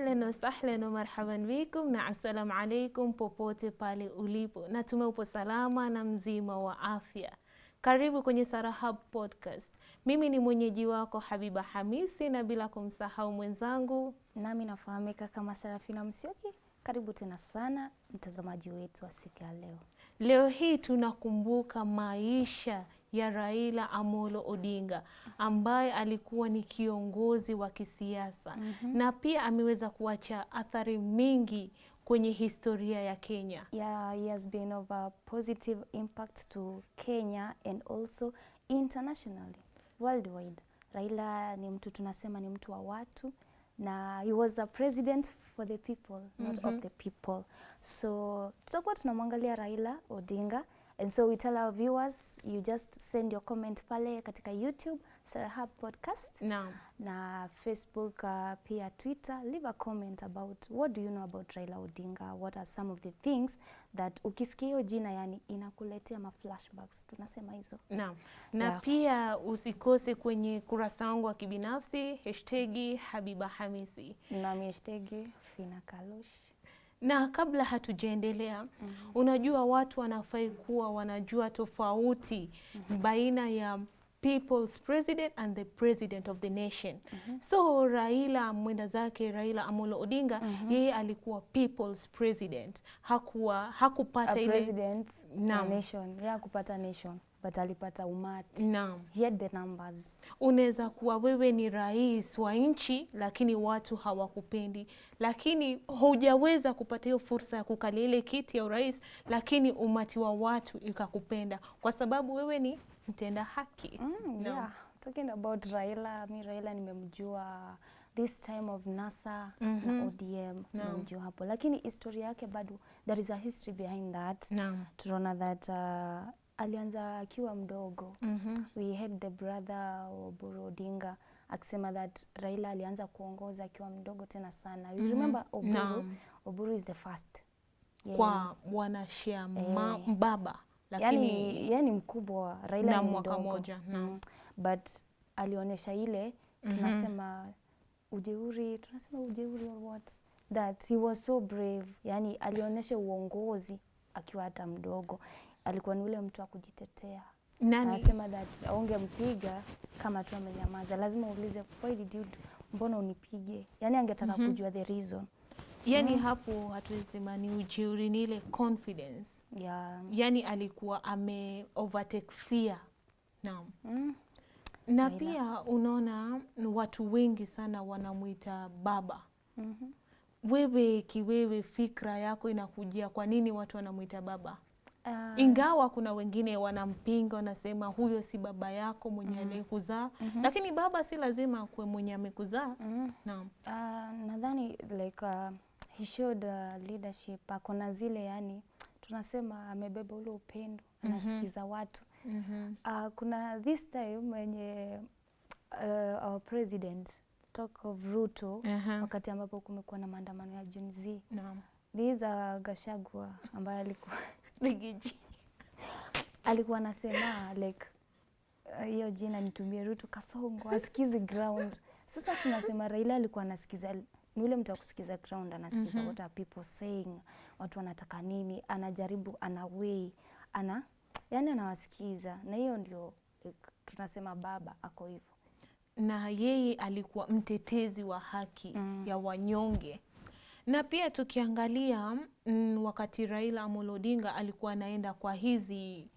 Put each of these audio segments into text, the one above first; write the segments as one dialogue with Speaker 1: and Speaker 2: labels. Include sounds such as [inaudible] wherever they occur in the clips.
Speaker 1: Ahlan وسهلا ومرحبا بكم bikum na assalamu popote pale ulipo, natumai upo salama na mzima wa afya. Karibu kwenye Sarahab Podcast. Mimi ni mwenyeji wako Habiba Hamisi, na bila kumsahau mwenzangu,
Speaker 2: nami nafahamika kama Sarafina Msioki. Karibu tena sana mtazamaji wetu wa siku ya leo.
Speaker 1: Leo hii tunakumbuka maisha ya Raila Amolo Odinga ambaye alikuwa ni kiongozi wa kisiasa mm -hmm. na pia ameweza kuacha athari mingi kwenye historia ya Kenya.
Speaker 2: Yeah, he has been of a positive impact to Kenya and also internationally, worldwide. Raila ni mtu tunasema ni mtu wa watu na he was a president for the people, not mm -hmm. of mhm. the people. So tutakuwa tunamwangalia Raila Odinga And so we tell our viewers you just send your comment pale katika YouTube Sarahab Podcast no. na Facebook uh, pia Twitter, leave a comment about what do you know about Raila Odinga, what are some of the things that ukisikia hiyo jina yani inakuletea ma flashbacks tunasema hizo
Speaker 1: no. na yeah. pia usikose kwenye kurasa wangu wa kibinafsi hashtagi Habiba Hamisi
Speaker 2: nami hashtagi Fina Kalush
Speaker 1: na kabla hatujaendelea mm -hmm. Unajua, watu wanafai kuwa wanajua tofauti mm -hmm. baina ya people's president and the president of the nation mm -hmm. So Raila mwenda zake Raila Amolo Odinga mm -hmm. yeye alikuwa people's president, hakuwa hakupata
Speaker 2: ile nation, yeye hakupata nation but alipata umati. Naam. He had the numbers.
Speaker 1: Unaweza kuwa wewe ni rais wa nchi lakini watu hawakupendi, lakini hujaweza kupata hiyo fursa ya kukalia ile kiti ya urais, lakini umati wa watu ikakupenda kwa sababu wewe ni mtenda haki.
Speaker 2: Mm, no. Yeah. Talking about Raila, mi Raila nimemjua this time of NASA mm -hmm. na mhm. ODM no. nimemjua hapo, lakini historia yake bado, there is a history behind that no. tunaona that uh, alianza akiwa mdogo mm -hmm. We had the brother Oburu Odinga akisema that Raila alianza kuongoza akiwa mdogo tena sana. You mm-hmm. remember Oburu? No. Oburu is the first.
Speaker 1: Yeah. Kwa wanachama eh, baba lakini
Speaker 2: yani, yani mkubwa Raila
Speaker 1: na ni mwaka no. mm.
Speaker 2: But alionyesha ile mm-hmm. tunasema mm -hmm. ujeuri tunasema ujeuri or what that he was so brave, yani alionyesha uongozi akiwa hata mdogo alikuwa ni ule mtu wa kujitetea. Nani? Anasema that ungempiga kama tu amenyamaza, lazima uulize why did you, mbona unipige? Yani angetaka mm -hmm. kujua the reason
Speaker 1: yani mm. Hapo hatuwezima ni ujeuri, ni ile confidence yeah. Yani alikuwa ame overtake fear na mm. Na Maila. Pia unaona watu wengi sana wanamwita baba mm -hmm. Wewe kiwewe, fikra yako inakujia kwa nini watu wanamwita baba? Uh, Ingawa kuna wengine wanampinga, wanasema huyo si baba yako mwenye mm. Mm-hmm. aliyekuzaa mm -hmm. Lakini baba si lazima akuwe mwenye amekuzaa mm. Naam.
Speaker 2: Uh, nadhani like uh, he showed uh, leadership akona zile, yani tunasema amebeba ule upendo, mm-hmm. anasikiza mm -hmm. watu mm -hmm. uh, kuna this time mwenye uh, our president talk of Ruto uh -huh. wakati ambapo kumekuwa na maandamano ya Gen Z. Naam. These are Gashagwa ambaye alikuwa Rigiji alikuwa anasema like uh, hiyo uh, jina nitumie Ruto Kasongo asikizi ground. Sasa tunasema Raila alikuwa anasikiza, ni ule mtu wa ground, anasikiza mm -hmm. what are people saying, watu wanataka nini, anajaribu ana way ana yani anawasikiza, na hiyo ndio like, tunasema baba ako hivyo,
Speaker 1: na yeye alikuwa mtetezi wa haki mm. ya wanyonge na pia tukiangalia mm, wakati Raila Amolo Odinga alikuwa anaenda kwa hizi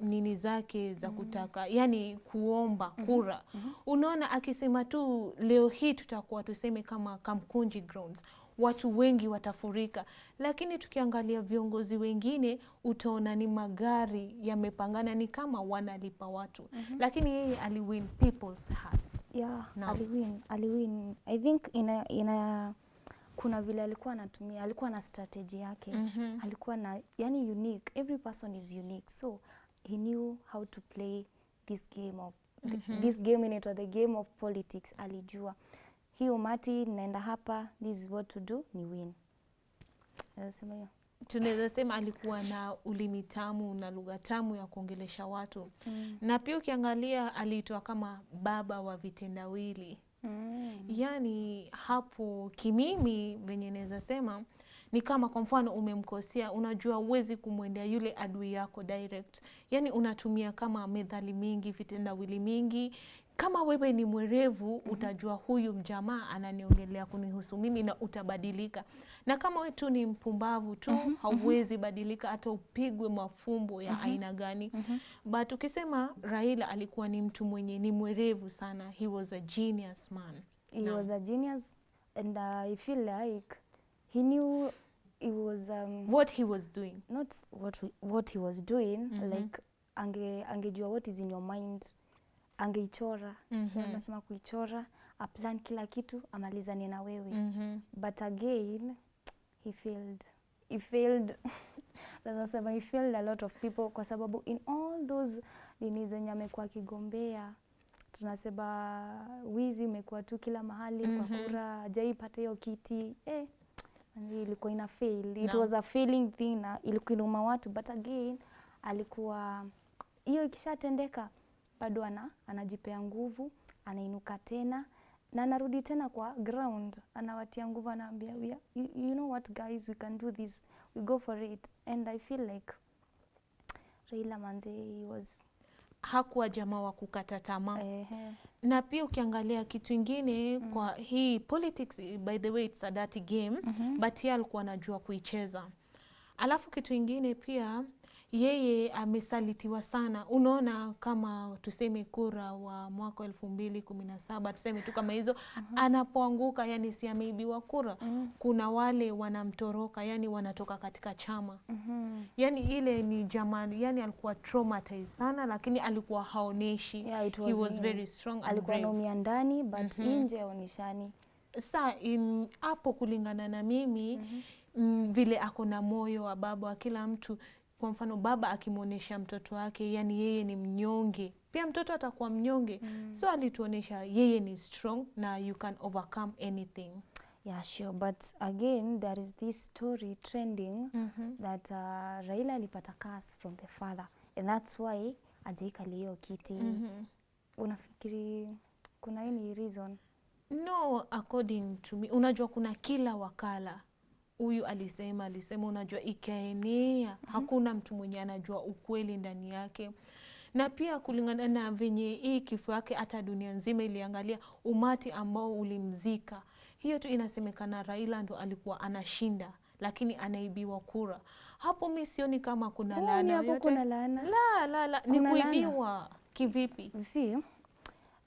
Speaker 1: nini zake za mm-hmm. kutaka mm. yani kuomba mm-hmm. kura mm -hmm. Unaona, akisema tu leo hii tutakuwa tuseme kama Kamkunji grounds watu wengi watafurika, lakini tukiangalia viongozi wengine utaona ni magari yamepangana, ni kama wanalipa watu mm -hmm. Lakini yeye aliwin people's hearts
Speaker 2: yeah, aliwin aliwin I think ina, ina kuna vile alikuwa anatumia, alikuwa na strategy yake mm -hmm. alikuwa na yani unique, every person is unique so he knew how to play this game of the, mm -hmm. this game inaitwa the game of politics. Alijua hii umati, naenda hapa, this is what to do, ni win. Nasema hiyo
Speaker 1: tunaweza sema alikuwa na ulimi tamu na lugha tamu ya kuongelesha watu mm. na pia ukiangalia aliitwa kama baba wa vitendawili Mm. Yaani hapo kimimi venye naweza sema ni kama kwa mfano umemkosea, unajua uwezi kumwendea yule adui yako direct, yaani unatumia kama methali mingi, vitendawili mingi, kama wewe ni mwerevu, mhm. utajua huyu mjamaa ananiongelea kunihusu mimi, na utabadilika. Na kama wewe tu ni mpumbavu tu, mm -hmm. hauwezi badilika hata upigwe mafumbo ya mm -hmm. aina gani mm -hmm. but ukisema Raila alikuwa ni mtu mwenye ni mwerevu sana, he was a genius man,
Speaker 2: he no. was a genius and I feel like he knew he was um,
Speaker 1: what he was doing
Speaker 2: not what, what he was doing mm -hmm. like ange angejua what is in your mind angeichora mm -hmm. Anasema kuichora aplan kila kitu amalizane na wewe mm -hmm. But again he failed, he failed lazasema [laughs] he failed a lot of people kwa sababu in all those nini zenye amekuwa akigombea tunasema wizi umekuwa tu kila mahali mm -hmm. Kwa mhm. kura ajaipata hiyo kiti eh, ilikuwa ina fail. It no. was a failing thing na ilikuwa inauma watu but again alikuwa hiyo ikishatendeka bado ana, anajipea nguvu, anainuka tena na anarudi tena kwa ground, anawatia nguvu, anaambia you, you know what guys, we can do this, we go for it and I feel like Raila manze he was
Speaker 1: hakuwa jamaa wa kukata tamaa. Ehe. Na pia ukiangalia kitu ingine mm. kwa hii politics by the way it's a dirty game mm -hmm. but yeye alikuwa anajua kuicheza mm Alafu kitu ingine pia yeye amesalitiwa sana. Unaona, kama tuseme kura wa mwaka elfu mbili kumi na saba tuseme tu kama hizo mm -hmm. Anapoanguka yani si ameibiwa kura mm -hmm. Kuna wale wanamtoroka yani wanatoka katika chama mm -hmm. Yani ile ni jamani, yani alikuwa traumatized sana, lakini alikuwa haoneshi yeah, he was very strong, alikuwa
Speaker 2: anaumia ndani but mm -hmm. nje aonyeshani.
Speaker 1: Sa hapo kulingana na mimi mm -hmm mm, vile ako na moyo wa baba wa kila mtu. Kwa mfano baba akimwonyesha mtoto wake, yani yeye ni mnyonge, pia mtoto atakuwa mnyonge mm. So alituonyesha yeye ni strong na you can overcome anything.
Speaker 2: Yeah, sure. But again, there is this story trending mm -hmm. that uh, Raila alipata curse from the father and that's why ajaikali hiyo kiti mm -hmm. Unafikiri kuna any reason?
Speaker 1: No, according to me, unajua kuna kila wakala huyu alisema alisema, unajua ikaenea. mm -hmm. Hakuna mtu mwenye anajua ukweli ndani yake, na pia kulingana na venye hii kifo yake, hata dunia nzima iliangalia umati ambao ulimzika. Hiyo tu inasemekana Raila ndo alikuwa anashinda lakini anaibiwa kura. Hapo mi sioni kama kuna yaani laana
Speaker 2: hapo, kuna laana
Speaker 1: la la la, ni kuibiwa kivipi?
Speaker 2: See,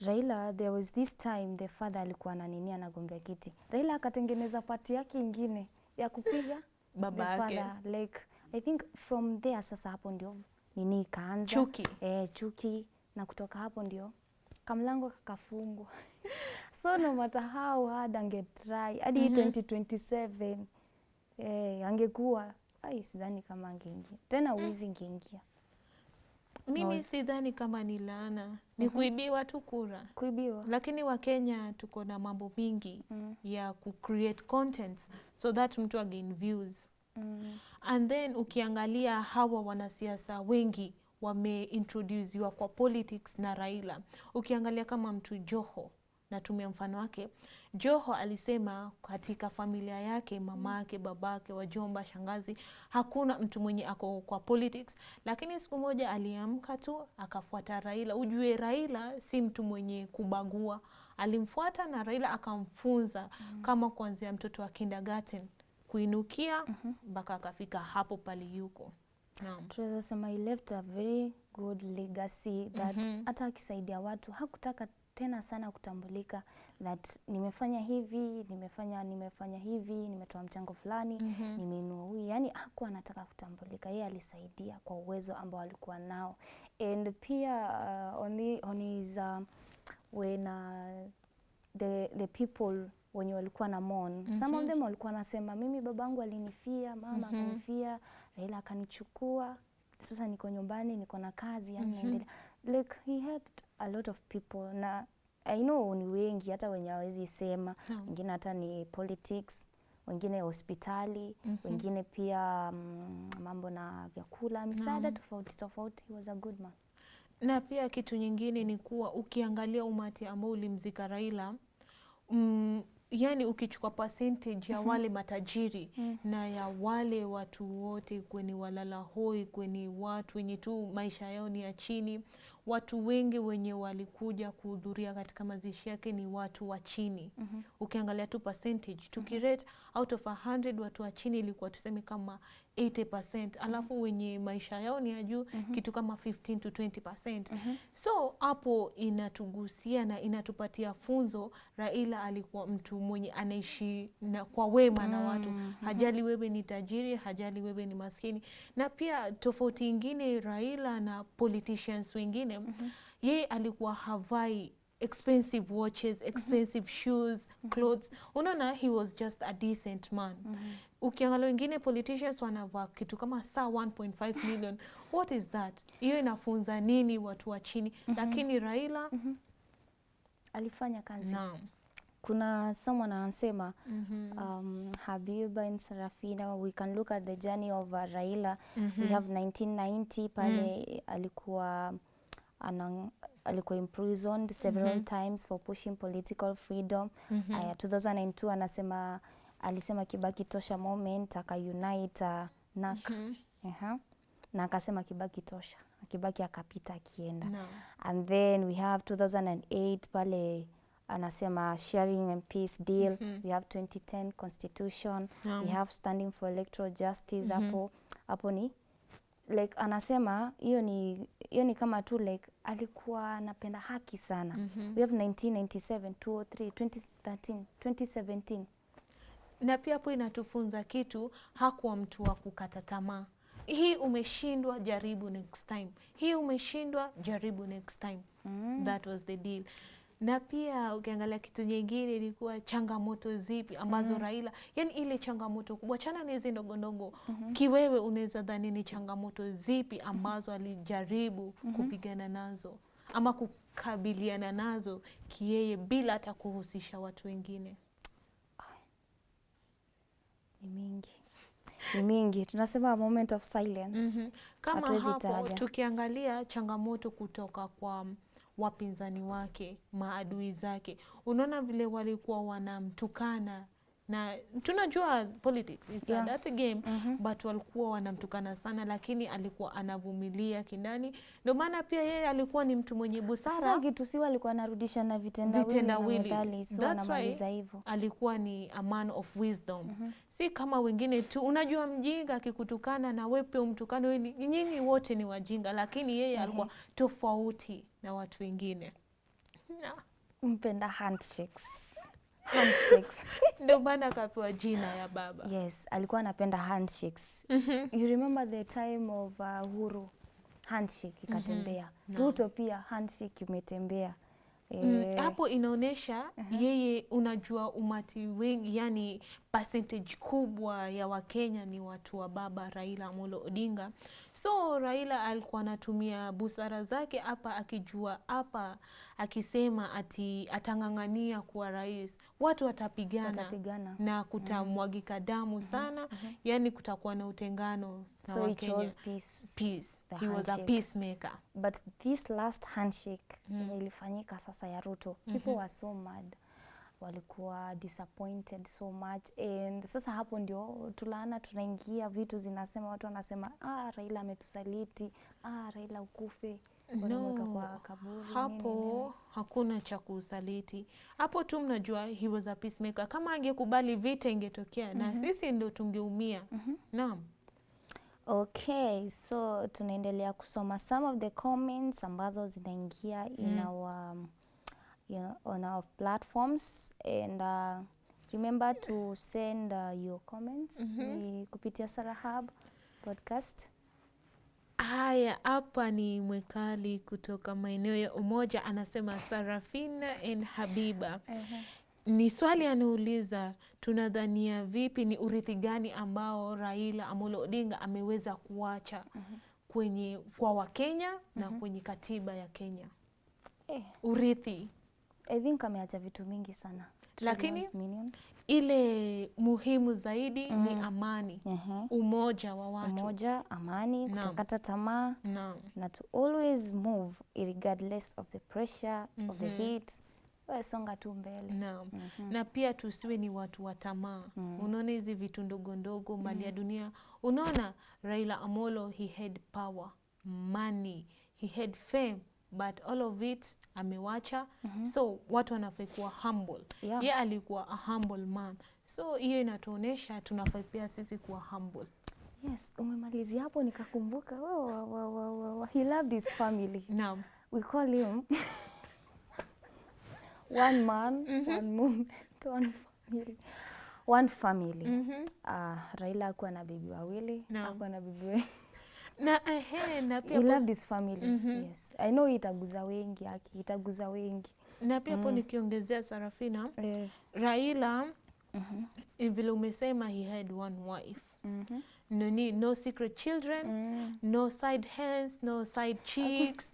Speaker 2: Raila there was this time the father alikuwa ananinia anagombea kiti, Raila akatengeneza pati yake ingine ya kupiga baba yake like I think from there sasa, hapo ndio nini ikaanza chuki. Eh, chuki na kutoka hapo ndio kamlango kakafungwa [laughs] so no matter how hard try hadi mm -hmm. 2027 eh, angekuwa ai, sidhani kama angeingia tena, wizi mm. ingeingia
Speaker 1: mimi sidhani kama ni laana, ni mhm. kuibiwa tu kura, kuibiwa. Lakini Wakenya tuko na mambo mingi mm. ya ku create contents so that mtu again views mm. and then ukiangalia hawa wanasiasa wengi wameintrodusiwa kwa politics na Raila, ukiangalia kama mtu Joho natumia mfano wake. Joho alisema katika familia yake, mamake, babake, wajomba, shangazi, hakuna mtu mwenye ako kwa politics, lakini siku moja aliamka tu akafuata Raila. Ujue Raila si mtu mwenye kubagua, alimfuata na Raila akamfunza mm. kama kuanzia mtoto wa kindergarten kuinukia mm-hmm. mpaka mm -hmm. akafika hapo pale yuko
Speaker 2: tunaweza sema he left a very good legacy that mm -hmm. akisaidia watu hakutaka tena sana kutambulika that nimefanya hivi, nimefanya nimefanya hivi, nimetoa mchango fulani, mm -hmm. nimeinua huyu. Yani hakuwa anataka kutambulika, yeye alisaidia kwa uwezo ambao alikuwa nao and pia uh, on, his, uh, when uh, the, the people wenye walikuwa na mon mm -hmm. some of mhm. them walikuwa nasema mimi babangu alinifia, mama mm -hmm. akanifia, Raila akanichukua, sasa niko nyumbani, niko na kazi yani mm -hmm. like he helped a lot of people na I know ni wengi hata wenye hawezi sema no. Wengine hata ni politics, wengine hospitali mm -hmm. Wengine pia um, mambo na vyakula misaada no. Tofauti tofauti. He was a good man.
Speaker 1: Na pia kitu nyingine ni kuwa ukiangalia umati ambao ulimzika Raila mm, yani ukichukua percentage ya mhm. wale matajiri mm. na ya wale watu wote kweni walala hoi kweni watu wenye tu maisha yao ni ya chini, watu wengi wenye walikuja kuhudhuria katika mazishi yake ni watu wa chini. mm -hmm. Ukiangalia tu percentage mhm. tukirate mm -hmm. out of 100 watu wa chini ilikuwa tuseme kama 80%, alafu wenye maisha yao ni ya juu mm -hmm. kitu kama 15 to 20%. Mm -hmm. So hapo inatugusia na inatupatia funzo. Raila alikuwa mtu mwenye anaishi na kwa wema mm -hmm. na watu, mm, mhm. hajali wewe ni tajiri, hajali wewe ni maskini. Na pia tofauti ingine Raila na politicians wengine mm -hmm. yeye alikuwa havai expensive watches, mm-hmm. expensive mm -hmm. shoes, mm -hmm. clothes. Unaona, he was just a decent man. Mm -hmm. Ukiangalia wengine politicians wanavaa kitu kama saa 1.5 million. What is that? Hiyo inafunza nini watu wa chini? mm -hmm. Lakini Raila mm -hmm.
Speaker 2: alifanya kazi. Naam. Kuna someone anasema mm -hmm. um, Habiba in Sarafina we can look at the journey of uh, Raila mm -hmm. we mm-hmm. have 1990 pale mm -hmm. alikuwa anang, alikuwa imprisoned several mm -hmm. times for pushing political freedom mm -hmm. Aya, 2002 anasema alisema Kibaki tosha moment aka unite uh, NAK mm -hmm. uh -huh. na akasema Kibaki tosha, Kibaki akapita akienda no. and then we have 2008 pale anasema sharing and peace deal mm -hmm. we have 2010 constitution no. we have standing for electoral justice mm -hmm. hapo ni like anasema hiyo ni hiyo ni kama tu like alikuwa anapenda haki sana. mm -hmm. We have 1997, 203, 2013, 2017.
Speaker 1: Na pia hapo inatufunza kitu, hakuwa mtu wa kukata tamaa. Hii umeshindwa, jaribu next time. Hii umeshindwa, jaribu next time. Mm. That was the deal na pia ukiangalia kitu nyingine ilikuwa changamoto zipi ambazo mm -hmm. Raila yani ile changamoto kubwa chana na hizi ndogondogo mm -hmm. Kiwewe unaweza dhani ni changamoto zipi mm-hmm. ambazo mm -hmm. alijaribu mm -hmm. kupigana nazo ama kukabiliana nazo kiyeye bila hata kuhusisha watu wengine. Ah.
Speaker 2: Ni mingi ni mingi, tunasema moment of silence. Mm -hmm.
Speaker 1: Kama hapo tukiangalia changamoto kutoka kwa wapinzani wake, maadui zake. Unaona vile walikuwa wanamtukana na tunajua politics yeah. game mm -hmm. but walikuwa wanamtukana sana, lakini alikuwa anavumilia kindani. Ndio maana pia yeye alikuwa ni mtu mwenye busara.
Speaker 2: alikuwa anarudisha na
Speaker 1: vitendawili hivyo. Alikuwa ni a man of wisdom mm -hmm. si kama wengine tu. Unajua, mjinga akikutukana na wewe pia umtukane, nyinyi wote ni wajinga, lakini yeye mm -hmm. alikuwa tofauti na watu wengine
Speaker 2: mpenda handshakes handshakes
Speaker 1: [laughs] ndio maana akapewa jina ya baba.
Speaker 2: Yes, alikuwa anapenda handshakes. mm -hmm. You remember the time of uh, huru handshake ikatembea. mm -hmm. Ruto pia handshake imetembea
Speaker 1: mm, eh. hapo inaonyesha uh -huh. Yeye unajua umati wengi, yani percentage kubwa ya Wakenya ni watu wa baba Raila Amolo Odinga. So Raila alikuwa anatumia busara zake hapa, akijua hapa akisema ati atang'ang'ania kuwa rais watu watapigana, watapigana. na mm-hmm. kutamwagika mm-hmm. damu mm-hmm. sana mm -hmm. Yani kutakuwa na utengano na Wakenya. He chose peace. Peace. He was a peacemaker.
Speaker 2: But this last handshake mm. ilifanyika sasa ya Ruto people mm -hmm. were so mad walikuwa disappointed so much and sasa hapo ndio tulaana tunaingia vitu zinasema, watu wanasema ah, Raila ametusaliti, ah, Raila ukufe
Speaker 1: no, kwa kaburi, hapo nini? Hakuna cha kusaliti hapo tu, mnajua he was a peacemaker. Kama angekubali vita ingetokea, mm -hmm. na mhm. sisi ndo tungeumia mm -hmm. Naam.
Speaker 2: Okay, so tunaendelea kusoma some of the comments ambazo zinaingia mm. in our, um, you know, on our platforms and uh, remember to send uh, your comments mm -hmm. kupitia Sarahab podcast.
Speaker 1: Haya, hapa ni Mwekali kutoka maeneo ya Umoja, anasema Sarafina and Habiba. Ni swali anauliza, tunadhania vipi ni urithi gani ambao Raila Amolo Odinga ameweza kuacha kwenye kwa Wakenya na kwenye katiba ya Kenya eh. Urithi
Speaker 2: I think ameacha vitu mingi sana,
Speaker 1: lakini ile muhimu zaidi mm. ni amani uh mm-hmm. -huh. umoja wa watu,
Speaker 2: umoja, amani, kutokata tamaa na, na to always move irregardless of the pressure mm -hmm. of the mm-hmm. heat wasonga tu mbele
Speaker 1: na, mm -hmm. na pia tusiwe ni watu wa tamaa mm. Unaona hizi vitu ndogo ndogo mali mm. ya dunia. Unaona Raila Amolo he had power money, he had fame but all of it amewacha. mm -hmm. So watu wanafai kuwa humble yeah. Ye alikuwa a humble man, so hiyo inatuonyesha tunafai pia sisi kuwa humble.
Speaker 2: Yes, umemalizia hapo nikakumbuka. oh, Wow, wow, wow, wow. He loved his family. Naam. We call him [laughs] one man, mm -hmm. one moment one family. One family. Mm -hmm. Uh, Raila akuwa na bibi wawili, no. akuwa na bibi wengi
Speaker 1: na, ehe, na
Speaker 2: pia I love this family. Mm -hmm. Yes. I know itaguza wengi aki itaguza wengi
Speaker 1: na pia hapo mm. Nikiongezea Sarafina eh. Raila mm -hmm. Vile umesema he had one wife mm -hmm. No, no secret children mm. No side hands, no side cheeks [laughs]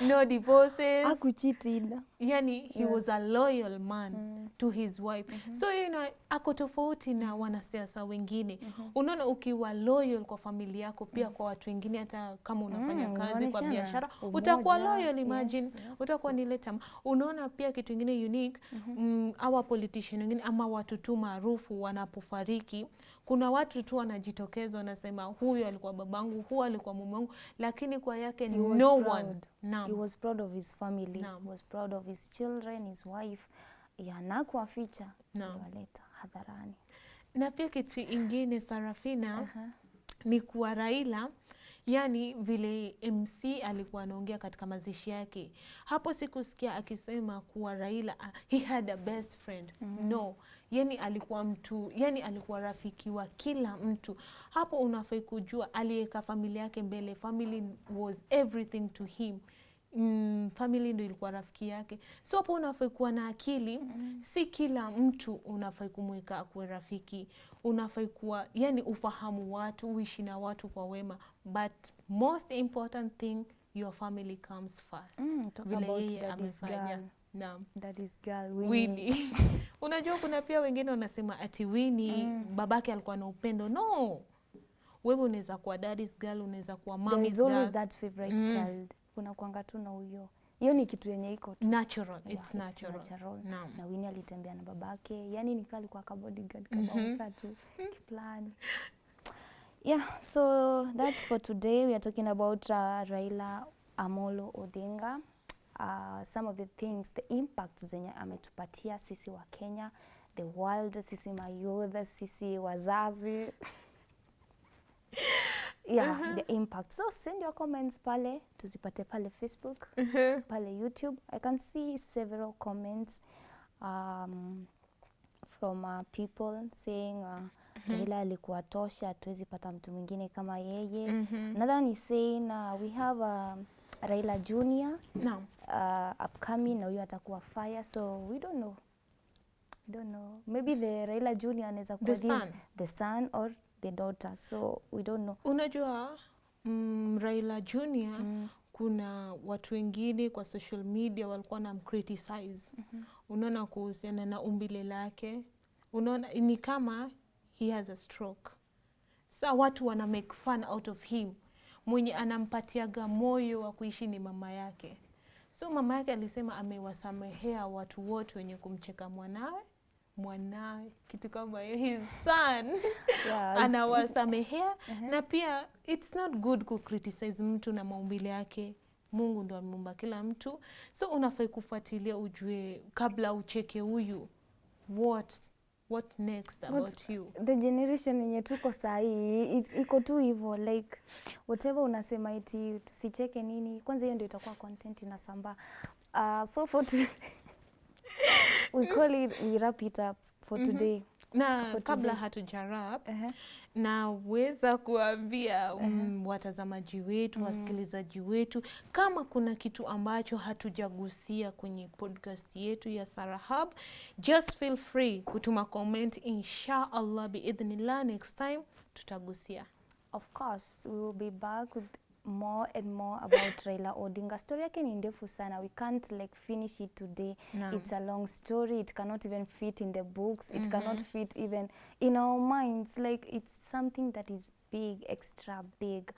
Speaker 1: no divorces.
Speaker 2: Akuchiti ina
Speaker 1: yani he yes. was a loyal man mm. to his wife mm -hmm. so you know, ako tofauti na wanasiasa wengine mm -hmm. Unaona, ukiwa loyal kwa familia yako pia mm. kwa watu wengine, hata kama mm, unafanya mm, kazi kwa biashara utakuwa loyal imagine, yes, yes. utakuwa ni leta. Unaona pia kitu ingine unique mm-hmm. mm -hmm. mm, awa politician wengine ama watu tu maarufu wanapofariki, kuna watu tu wanajitokeza wanasema, huyu alikuwa babangu, huyu alikuwa mume wangu, lakini kwa yake ni no proud. one.
Speaker 2: Naam. He was proud of his family. Naam. He was proud of his children, his wife, yanakuwaficha no. waleta hadharani.
Speaker 1: Na pia kitu ingine Sarafina, uh -huh. ni kuwa Raila yani vile MC alikuwa anaongea katika mazishi yake, hapo sikusikia akisema kuwa Raila ah, he had a best friend mm -hmm. No, yani alikuwa mtu, yani alikuwa rafiki wa kila mtu. Hapo unafai kujua aliweka familia yake mbele, family was everything to him mm, family ndio ilikuwa rafiki yake, so hapo unafai kuwa na akili mm. Si kila mtu unafai kumweka akuwe rafiki, unafai kuwa yani, ufahamu watu, uishi na watu kwa wema, but most important thing your family comes first mm,
Speaker 2: vile yeye amefanya na That is girl Winnie.
Speaker 1: [laughs] Unajua kuna pia wengine wanasema ati Winnie mm. babake alikuwa na upendo. No. Wewe unaweza kuwa daddy's girl, unaweza kuwa mommy's girl. There is always
Speaker 2: that favorite mm. child unakuanga tu na huyo hiyo ni kitu yenye iko tu
Speaker 1: natural, yeah, it's natural. It's
Speaker 2: natural. No. Na Winnie alitembea na babake, yani nikaa alikuwa ka bodyguard kama mm -hmm. usa tu kiplani yeah so that's for today we are talking about uh, Raila Amolo Odinga uh, some of the things the impact zenye ametupatia sisi wa Kenya the world sisi mayouth sisi wazazi [laughs] yeah, uh mm-hmm. -huh. the impact. So send your comments pale tuzipate pale Facebook uh mm-hmm. -huh. pale YouTube. I can see several comments um, from uh, people saying uh, uh mm-hmm. -huh. ila alikuwa tosha, hatuwezi pata mtu mwingine kama yeye Another one is saying uh, we have uh, Raila Junior no. uh, upcoming na huyo atakuwa fire so we don't know. I don't know. Maybe the Raila Junior anaweza kuwa the son, the son or the daughter so we don't know.
Speaker 1: Unajua mm, Raila Junior mm. Kuna watu wengine kwa social media walikuwa na mcriticize mm -hmm. Unaona, kuhusiana na umbile lake, unaona ni kama he has a stroke. Sa watu wana make fun out of him, mwenye anampatiaga moyo wa kuishi ni mama yake. So mama yake alisema amewasamehea watu wote wenye kumcheka mwanawe mwanawe kitu kama hiyo, his son yeah, anawasamehea uh -huh. Na pia it's not good ku criticize mtu na maumbile yake. Mungu ndo ameumba kila mtu, so unafai kufuatilia, ujue kabla ucheke huyu what what next about But you
Speaker 2: the generation yenye tuko sahii iko tu hivyo like whatever unasema iti tusicheke nini, kwanza hiyo ndio itakuwa content inasambaa uh, so for [laughs] [laughs] we call it we wrap it up for mm -hmm. today
Speaker 1: na for kabla hatujarap uh -huh. na weza kuambia um, uh -huh. watazamaji wetu uh mm. -huh. wasikilizaji wetu kama kuna kitu ambacho hatujagusia kwenye podcast yetu ya Sarahab, just feel free kutuma comment. Insha Allah biidhnillah, next time tutagusia.
Speaker 2: Of course we will be back with more and more about Raila Odinga. Story yake ni ndefu sana. We can't like finish it today. No. It's a long story. It cannot even fit in the books. It mm -hmm. cannot fit even in our minds. Like it's something that is big, extra big.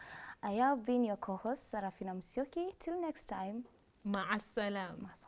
Speaker 2: I have been your co-host Sarafina Msioki. Till next time.
Speaker 1: Ma'asalam.